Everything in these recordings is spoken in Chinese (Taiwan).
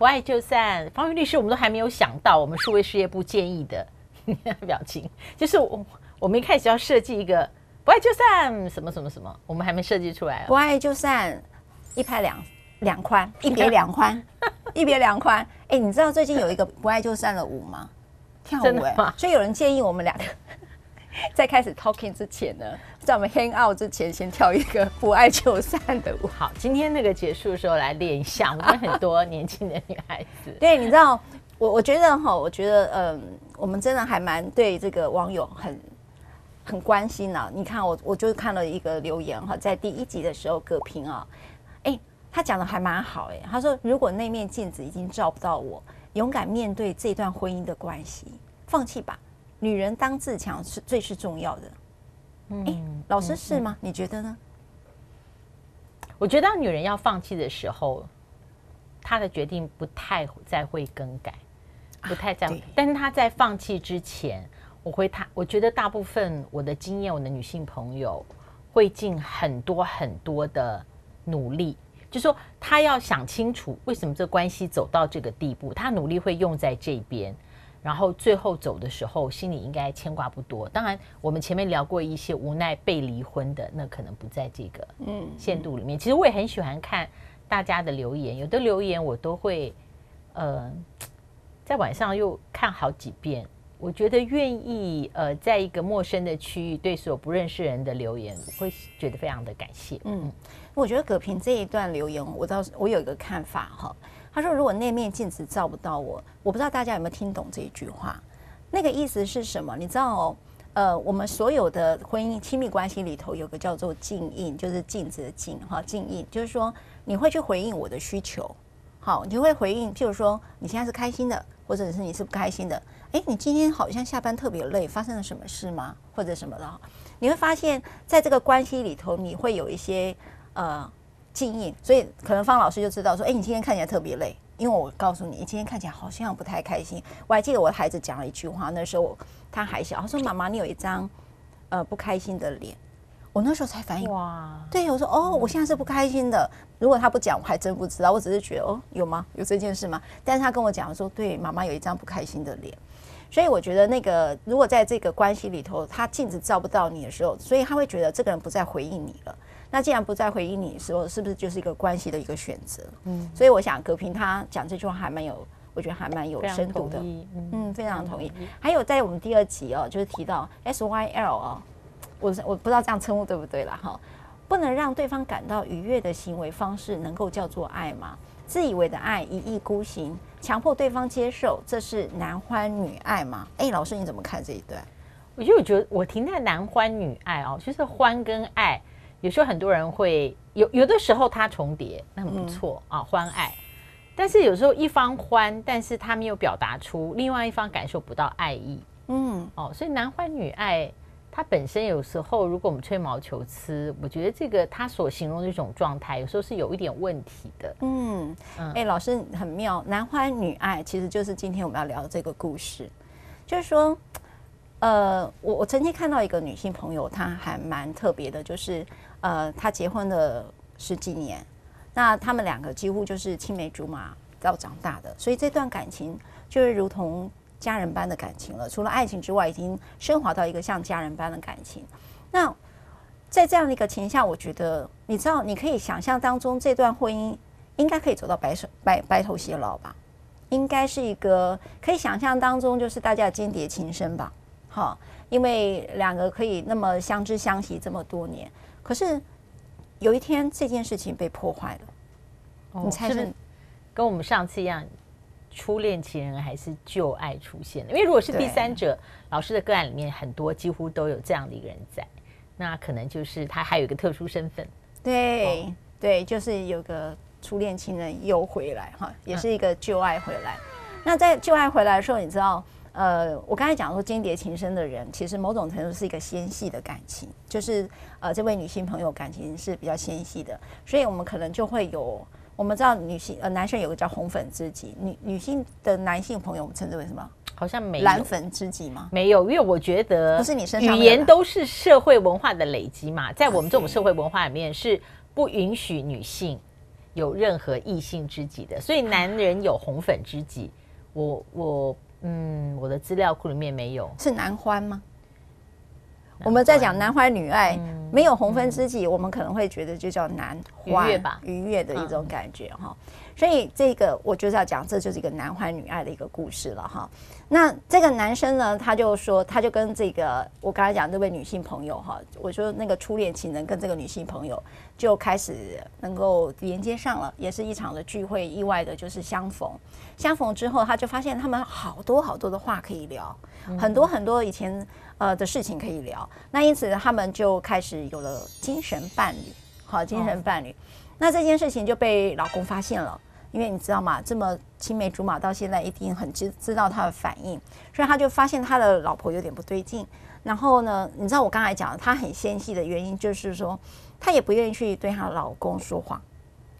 不愛就散，芳玉律師，我們都還沒有想到我們數位事業部建議的呵呵表情，就是我我們一開始要設計一個不愛就散什麼什麼什麼，我們還沒設計出來。不愛就散，一拍兩兩寬，一別兩寬， 一別兩寬。哎、欸，你知道最近有一個不愛就散的舞嗎？跳舞哎、欸，真的嗎？所以有人建議我們倆。 在開始 talking 之前呢，在我們 hang out 之前，先跳一個不愛就散的舞。好，今天那個結束的時候來練一下。我們很多年輕的女孩子， 對，你知道，我我覺得哈，我覺得嗯、呃，我們真的還蠻對這個網友很很關心的。你看我，我我就看了一個留言哈，在第一集的時候歌，葛平啊，哎，他講得還蠻好哎、欸。他說，如果那面鏡子已經照不到我，勇敢面對這段婚姻的關係，放棄吧。女人當自強是最是重要的。嗯、欸，老師是嗎？嗯、你覺得呢？我覺得當女人要放棄的時候，她的決定不太再會更改，不太再。啊、但是她在放棄之前，我會她，我覺得大部分我的經驗，我的女性朋友會盡很多很多的努力，就是說她要想清楚為什麼這關係走到這個地步，她努力會用在這邊。然後最後走的時候，心裡應該牽掛不多。當然，我們前面聊過一些無奈被離婚的，那可能不在這個嗯限度裡面。其實我也很喜歡看大家的留言，有的留言我都會呃在晚上又看好幾遍。我覺得願意呃在一個陌生的區域對所有不認識人的留言，我會覺得非常的感謝。嗯，嗯、我覺得葛平這一段留言，我知道我有一個看法哈。他說：“如果那面鏡子照不到我，我不知道大家有沒有聽懂這一句話，那個意思是什麼？你知道、哦，呃，我們所有的婚姻親密關係裡頭有個叫做鏡映，就是鏡子的鏡哈，鏡映就是說你會去回應我的需求，好，你就會回應，譬如說你現在是開心的，或者是你是不開心的，誒，你今天好像下班特別累，發生了什麼事嗎？或者什麼的，你會發現，在這個關係裡頭，你會有一些呃。”幸運，所以可能方老師就知道說，哎，你今天看起來特別累，因為我告訴你，你今天看起來好像不太開心。我還記得我的孩子講了一句話，那時候他還小，他說：“媽媽，你有一張，呃，不開心的臉。”我那時候才反應，哇，對，我說，哦，我現在是不開心的。如果他不講，我還真不知道，我只是覺得，哦，有嗎？有這件事嗎？但是他跟我講，說，對，媽媽有一張不開心的臉。所以我覺得那個，如果在這個關係裡頭，他鏡子照不到你的時候，所以他會覺得這個人不再回應你了。那既然不再回應你的時候是不是就是一個關係的一個選擇？嗯，所以我想葛平他講這句話還蠻有，我覺得還蠻有深度的。嗯，嗯，非常同意。嗯、還有在我們第二集哦，就是提到 S Y L 哦，我我不知道這樣稱呼對不對了哈、哦。不能讓對方感到愉悅的行為方式，能夠叫做愛嗎？自以為的愛，一意孤行，強迫對方接受，這是男歡女愛嗎？哎，老師你怎麼看這一段？我就覺得我停在男歡女愛哦，就是歡跟愛。有時候很多人會有有的時候它重疊，那很不錯啊、嗯哦、歡愛，但是有時候一方歡，但是他沒有表達出另外一方感受不到愛意，嗯哦，所以男歡女愛，它本身有時候如果我們吹毛求疵，我覺得這個他所形容的一種狀態，有時候是有一點問題的，嗯哎、嗯欸、老師很妙，男歡女愛其實就是今天我們要聊的這個故事，就是說。呃，我我曾經看到一個女性朋友，她還蠻特別的，就是呃，她結婚了十幾年，那他們兩個幾乎就是青梅竹馬到長大的，所以這段感情就是如同家人般的感情了。除了愛情之外，已經升華到一個像家人般的感情。那在這樣的一個情況下，我覺得你知道，你可以想象當中，這段婚姻應該可以走到白首白白頭偕老吧？應該是一個可以想象當中，就是大家鶼鰈情深吧？好，因為兩個可以那麼相知相惜這麼多年，可是有一天這件事情被破壞了，你猜是，哦，是不是跟我們上次一樣，初戀情人還是舊愛出現的？因為如果是第三者，對，老師的個案裡面很多幾乎都有這樣的一個人在，那可能就是他還有一個特殊身份。對、哦、對，就是有個初戀情人又回來，哈，也是一個舊愛回來。那在舊愛回來的時候，你知道？呃，我剛才講說，鶼鰈情深的人其實某種程度是一個纖細的感情，就是呃，這位女性朋友感情是比較纖細的，所以我們可能就會有，我們知道女性呃，男生有個叫紅粉知己，女女性的男性朋友，我們稱之為什麼？好像沒有藍粉知己嗎？沒有，因為我覺得不是你身上語言都是社會文化的累積嘛，在我們這種社會文化裡面是不允許女性有任何異性知己的，所以男人有紅粉知己，我我。嗯，我的資料庫裡面沒有，是男歡嗎？男歡我們在講男歡女愛，嗯、沒有紅粉知己，嗯、我們可能會覺得就叫男歡愉悅的一種感覺哈。嗯嗯所以這個我就是要講，這就是一個男歡女愛的一個故事了哈。那這個男生呢，他就說，他就跟這個我剛才講這位女性朋友哈，我說那個初戀情人跟這個女性朋友就開始能夠連接上了，也是一場的聚會意外的，就是相逢。相逢之後，他就發現他們好多好多的話可以聊，嗯嗯，很多很多以前呃的事情可以聊。那因此他們就開始有了精神伴侶，好，精神伴侶。哦那這件事情就被老公發現了，因為你知道嗎？這麼青梅竹馬到現在，一定很知知道他的反應，所以他就發現他的老婆有點不對勁。然後呢，你知道我剛才講的他很纖細的原因，就是說他也不願意去對他老公說謊。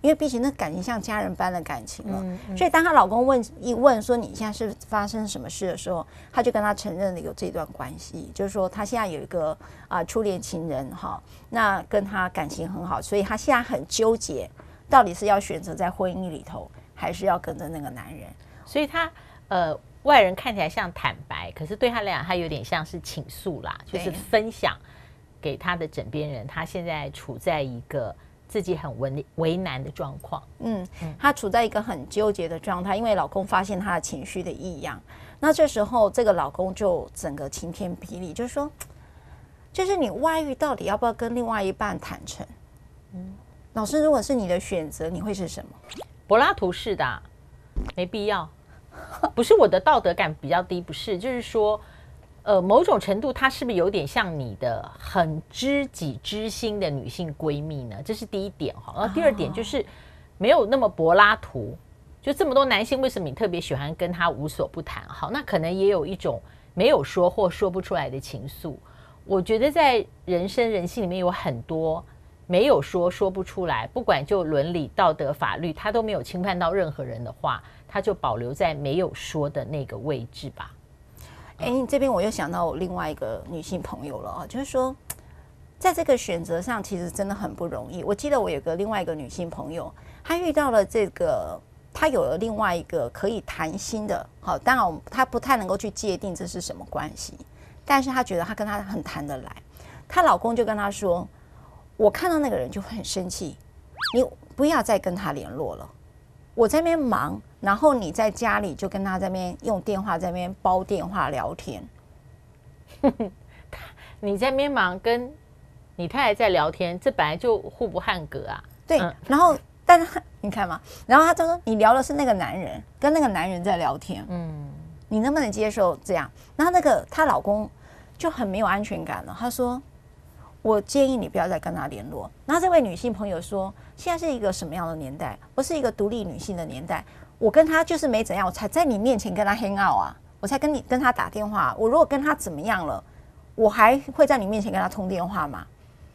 因為畢竟那感情像家人般的感情了哦，所以當她老公問一問說，你現在是不是發生什麼事的時候，她就跟他承認了有這段關係，就是說她現在有一個啊初戀情人哈，那跟他感情很好，所以她現在很糾結，到底是要選擇在婚姻裡頭，還是要跟着那個男人？所以她呃外人看起來像坦白，可是對她來講，她有點像是傾訴啦，就是分享給她的枕邊人，她現在處在一個。自己很為難的狀況，嗯，他處在一個很糾結的狀態，因為老公發現他的情緒的異樣，那這時候這個老公就整個晴天霹靂，就是說，就是你外遇到底要不要跟另外一半坦誠？嗯，老師，如果是你的選擇，你會是什麼？柏拉圖式的，沒必要，不是我的道德感比較低，不是，就是說。呃，某種程度，她是不是有點像你的很知己知心的女性閨蜜呢？這是第一點哈。那第二點就是，沒有那麼柏拉圖。就這麼多男性，為什麼你特別喜歡跟她無所不談？好，那可能也有一種沒有說或說不出來的情愫。我覺得在人生人性裡面有很多沒有說說不出來，不管就倫理、道德、法律，他都沒有侵犯到任何人的話，他就保留在沒有說的那個位置吧。哎，這邊我又想到我另外一個女性朋友了啊，就是說，在這個選擇上，其實真的很不容易。我記得我有個另外一個女性朋友，她遇到了這個，她有了另外一個可以談心的，好，當然她不太能夠去界定這是什麼關係，但是她覺得她跟他很談得來。她老公就跟她說：“我看到那個人就會很生氣，你不要再跟他聯絡了。我在那邊忙。”然後你在家裡就跟他在那邊用電話在那邊煲電話聊天，呵呵，你在邊忙，跟你太太在聊天，這本來就互不扞格啊。對。然後，但是你看嘛，然後他就說你聊的是那個男人，跟那個男人在聊天。嗯。你能不能接受這樣？然後那個她老公就很沒有安全感了。他說：“我建議你不要再跟他聯絡。”然後這位女性朋友說：“現在是一個什麼樣的年代？不是一個獨立女性的年代。”我跟他就是沒怎樣，我才在你面前跟他黑鬧啊，我才跟你跟他打電話、啊。我如果跟他怎麼樣了，我還會在你面前跟他通電話嗎？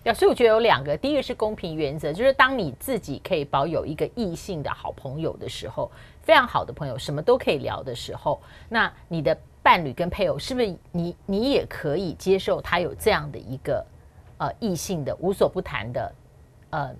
對、啊、所以我覺得有兩個，第一個是公平原則，就是當你自己可以保有一個異性的好朋友的時候，非常好的朋友，什麼都可以聊的時候，那你的伴侶跟配偶是不是你你也可以接受他有這樣的一個呃異性的無所不談的呃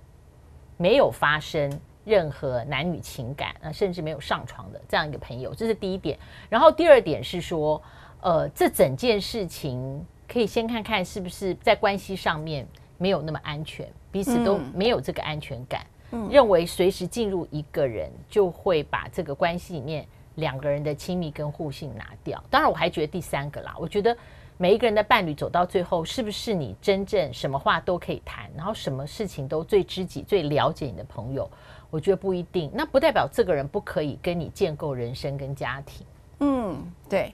沒有發生，任何男女情感啊、呃，甚至沒有上床的這樣一個朋友，這是第一點。然後第二點是說，呃，這整件事情可以先看看是不是在關係上面沒有那麼安全，彼此都沒有這個安全感，嗯、認為隨時進入一個人、嗯、就會把這個關係裡面兩個人的親密跟互信拿掉。當然，我還覺得第三個啦，我覺得每一個人的伴侶走到最後，是不是你真正什麼話都可以談，然後什麼事情都最知己、最了解你的朋友？我覺得不一定，那不代表這個人不可以跟你建構人生跟家庭。嗯，對。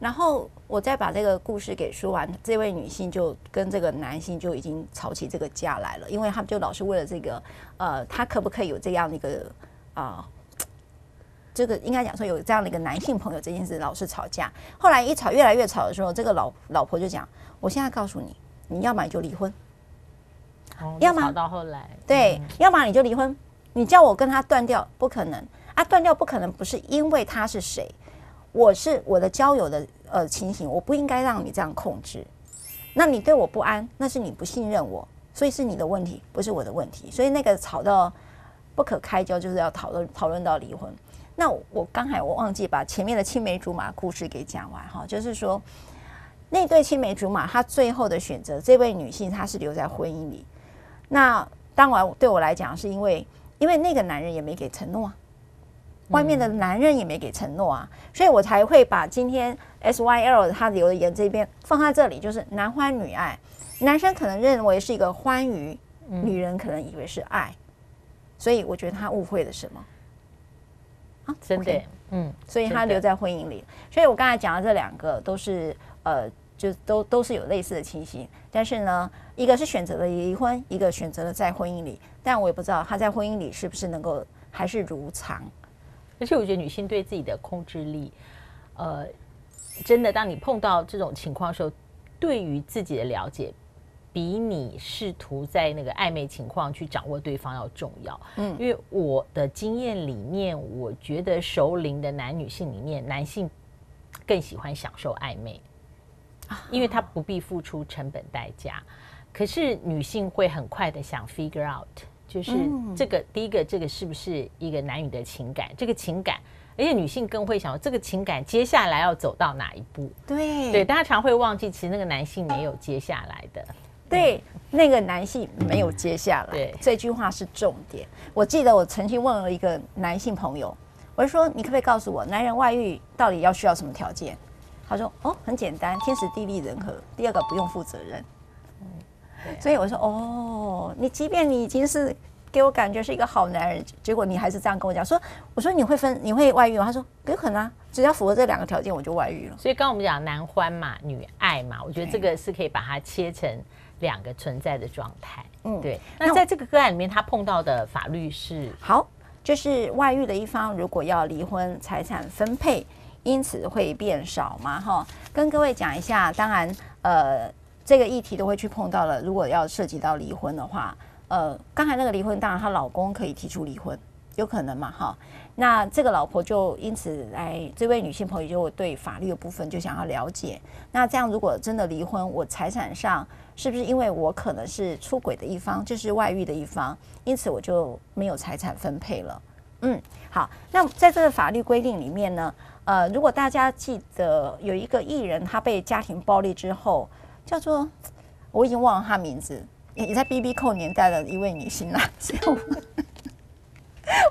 然後我再把這個故事給說完，這位女性就跟這個男性就已經吵起這個架來了，因為他們就老是為了這個，呃，他可不可以有這樣的一個啊、呃，這個應該講說有這樣的一個男性朋友這件事老是吵架。後來一吵越來越吵的時候，這個老老婆就講：“我現在告訴你，你要麼你就離婚，哦、要麼吵到後來，對，嗯、要麼你就離婚。”你叫我跟他斷掉，不可能啊！斷掉不可能，不是因為他是誰，我是我的交友的呃情形，我不應該讓你這樣控制。那你對我不安，那是你不信任我，所以是你的問題，不是我的問題。所以那個吵到不可開交，就是要討論討論到離婚。那我剛才我忘記把前面的青梅竹馬故事給講完哈，就是說那對青梅竹馬，他最後的選擇，這位女性她是留在婚姻裡。那當然對我來講，是因為。因為那個男人也沒給承諾，啊，外面的男人也沒給承諾啊，嗯、所以我才會把今天 S Y L 他留的言這邊放在這裡，就是男歡女愛，男生可能認為是一個歡愉，嗯、女人可能以為是愛，所以我覺得他誤會了什麼？啊、真的，okay，嗯，所以他留在婚姻裡。真的。所以我剛才講的這兩個都是呃。就都都是有類似的情形，但是呢，一個是選擇了離婚，一個選擇了在婚姻裡。但我也不知道他在婚姻裡是不是能夠還是如常。而且我覺得女性對自己的控制力，呃，真的，當你碰到這種情況的時候，對於自己的了解，比你試圖在那個曖昧情況去掌握對方要重要。嗯，因為我的經驗裡面，我覺得熟齡的男女性裡面，男性更喜歡享受曖昧。因為他不必付出成本代價，可是女性會很快的想 figure out，就是這個第一個這個是不是一個男女的情感，這個情感，而且女性更會想說這個情感接下來要走到哪一步？對對，大家常會忘記，其實那個男性沒有接下來的。嗯、對，那個男性沒有接下來，這句話是重點。我記得我曾經問了一個男性朋友，我就說：“你可不可以告訴我，男人外遇到底要需要什麼條件？”他說：“哦，很簡單，天時地利人和。第二個不用負責任，嗯啊。所以我說：哦，你即便你已經是給我感覺是一個好男人，結果你還是這樣跟我講說，我說你會分，你會外遇嗎？他說：有可能啊，只要符合這兩個條件，我就外遇了。所以剛剛我們講男歡嘛，女愛嘛，我覺得這個是可以把它切成兩個存在的狀態。對。嗯，對。那在這個個案裡面，他碰到的法律是。好，就是外遇的一方如果要離婚，財產分配。”因此會變少嘛？哈、哦，跟各位講一下。當然，呃，這個議題都會去碰到了。如果要涉及到離婚的話，呃，剛才那個離婚，當然她老公可以提出離婚，有可能嘛？哈、哦，那這個老婆就因此來、哎，這位女性朋友就對法律的部分就想要了解。那這樣如果真的離婚，我財產上是不是因為我可能是出軌的一方，就是外遇的一方，因此我就沒有財產分配了？嗯，好，那在這個法律規定裡面呢？呃，如果大家記得有一個藝人，他被家庭暴力之後，叫做，我已經忘了他名字，也在 B B 扣年代的一位女星啊，我們，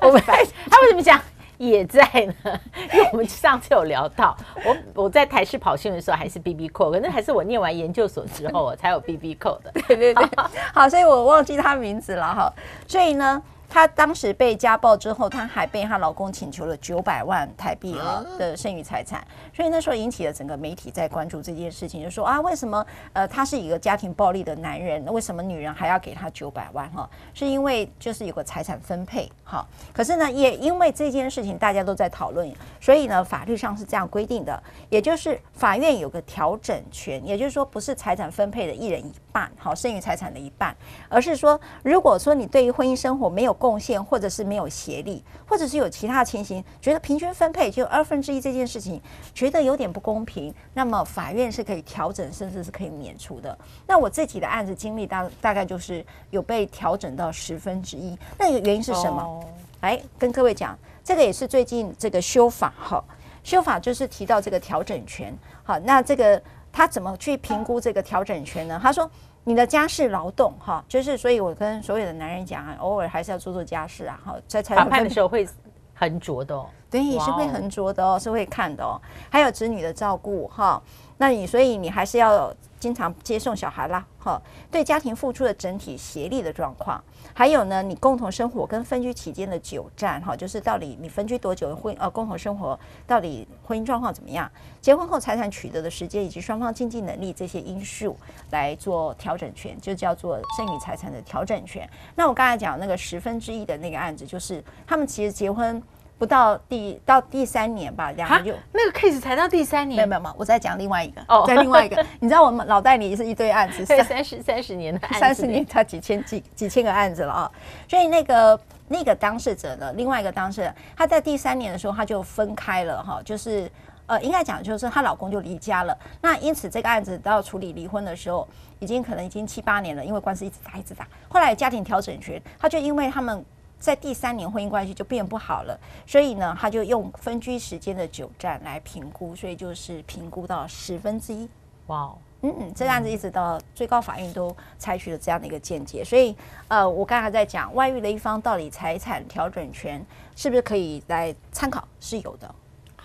我們還他為什麼講也在呢？因為我們上次有聊到，我我在台視跑新聞的時候還是 B B 扣，可能還是我念完研究所之後，哦，我 才有 B B 扣的，對對對，好，所以我忘記他名字了哈，所以呢。她當時被家暴之後，她還被她老公請求了九百萬台幣哈的剩餘財產，所以那時候引起了整個媒體在關注這件事情，就說啊，為什麼呃他是一個家庭暴力的男人，那為什麼女人還要給他九百萬哈？是因為就是有個財產分配哈。可是呢，也因為這件事情大家都在討論，所以呢，法律上是這樣規定的，也就是法院有個調整權，也就是說不是財產分配的一人一。半好，剩餘財產的一半，而是說，如果說你對於婚姻生活沒有貢獻，或者是沒有協力，或者是有其他情形，覺得平均分配就二分之一這件事情，覺得有點不公平，那麼法院是可以調整，甚至是可以免除的。那我自己的案子經歷大大概就是有被調整到十分之一，那個、原因是什麼？哎、oh.，跟各位講，這個也是最近這個修法哈，修法就是提到這個調整權好，那這個。他怎麼去評估這個調整權呢？他說：“你的家事勞動，哈，就是，所以我跟所有的男人講啊，偶爾還是要做做家事啊。”哈，在裁判的時候會很著重。所以是會橫着的哦，是會看的哦。還有子女的照顧哈、哦，那你所以你還是要經常接送小孩啦哈、哦。對家庭付出的整體協力的狀況，還有呢，你共同生活跟分居期間的久暫哈、哦，就是到底你分居多久婚呃共同生活，到底婚姻狀況怎麼樣？結婚後財產取得的時間以及雙方經濟能力這些因素來做調整權，就叫做剩餘財產的調整權。那我剛才講那個十分之一的那個案子，就是他們其實結婚。不到第到第三年吧，兩個就那個 case 才到第三年。沒有沒有嘛，我再講另外一個。哦，在另外一個，你知道我們腦袋裡是一堆案子，三十三十年的案子，三十年差對幾千幾幾千個案子了啊、哦。所以那個那個當事者呢，另外一個當事人，他在第三年的時候她就分開了哈、哦，就是呃應該講就是她老公就離家了。那因此這個案子到處理離婚的時候，已經可能已經七八年了，因為官司一直打一直打。後來家庭調整權他就因為他們。在第三年婚姻關係就變不好了，所以呢，他就用分居時間的久暫來評估，所以就是評估到十分之一。哇，Wow. 嗯嗯，這個案子一直到最高法院都採取了這樣的一個見解。所以，呃，我剛才在講外遇的一方到底財產調整權是不是可以來參考，是有的。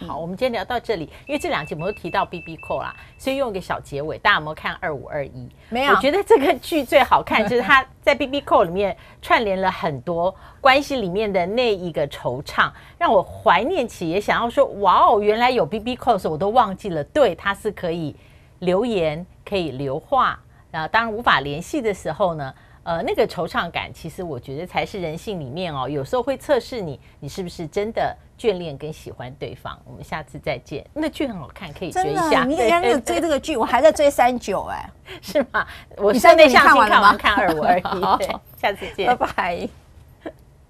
嗯、好，我們今天聊到這裡，因為這兩集我們都提到 BB Call 啦，所以用一個小結尾，大家有沒有看二五二一？沒有？我覺得這個劇最好看，就是它在 BB Call 裡面串聯了很多關係裡面的那一個惆悵，讓我懷念起，也想要說，哇哦，原來有 BB Call 的時候我都忘記了，對，它是可以留言、可以留話，然後當然無法聯繫的時候呢。呃，那個惆悵感，其實我覺得才是人性裡面哦，有時候會測試你，你是不是真的眷戀跟喜歡對方。我們下次再見。那劇很好看，可以追一下。你剛剛在追這個劇， 我還在追三九哎，是嗎？我你三下去看完看二五二一。 好對，下次見，拜拜。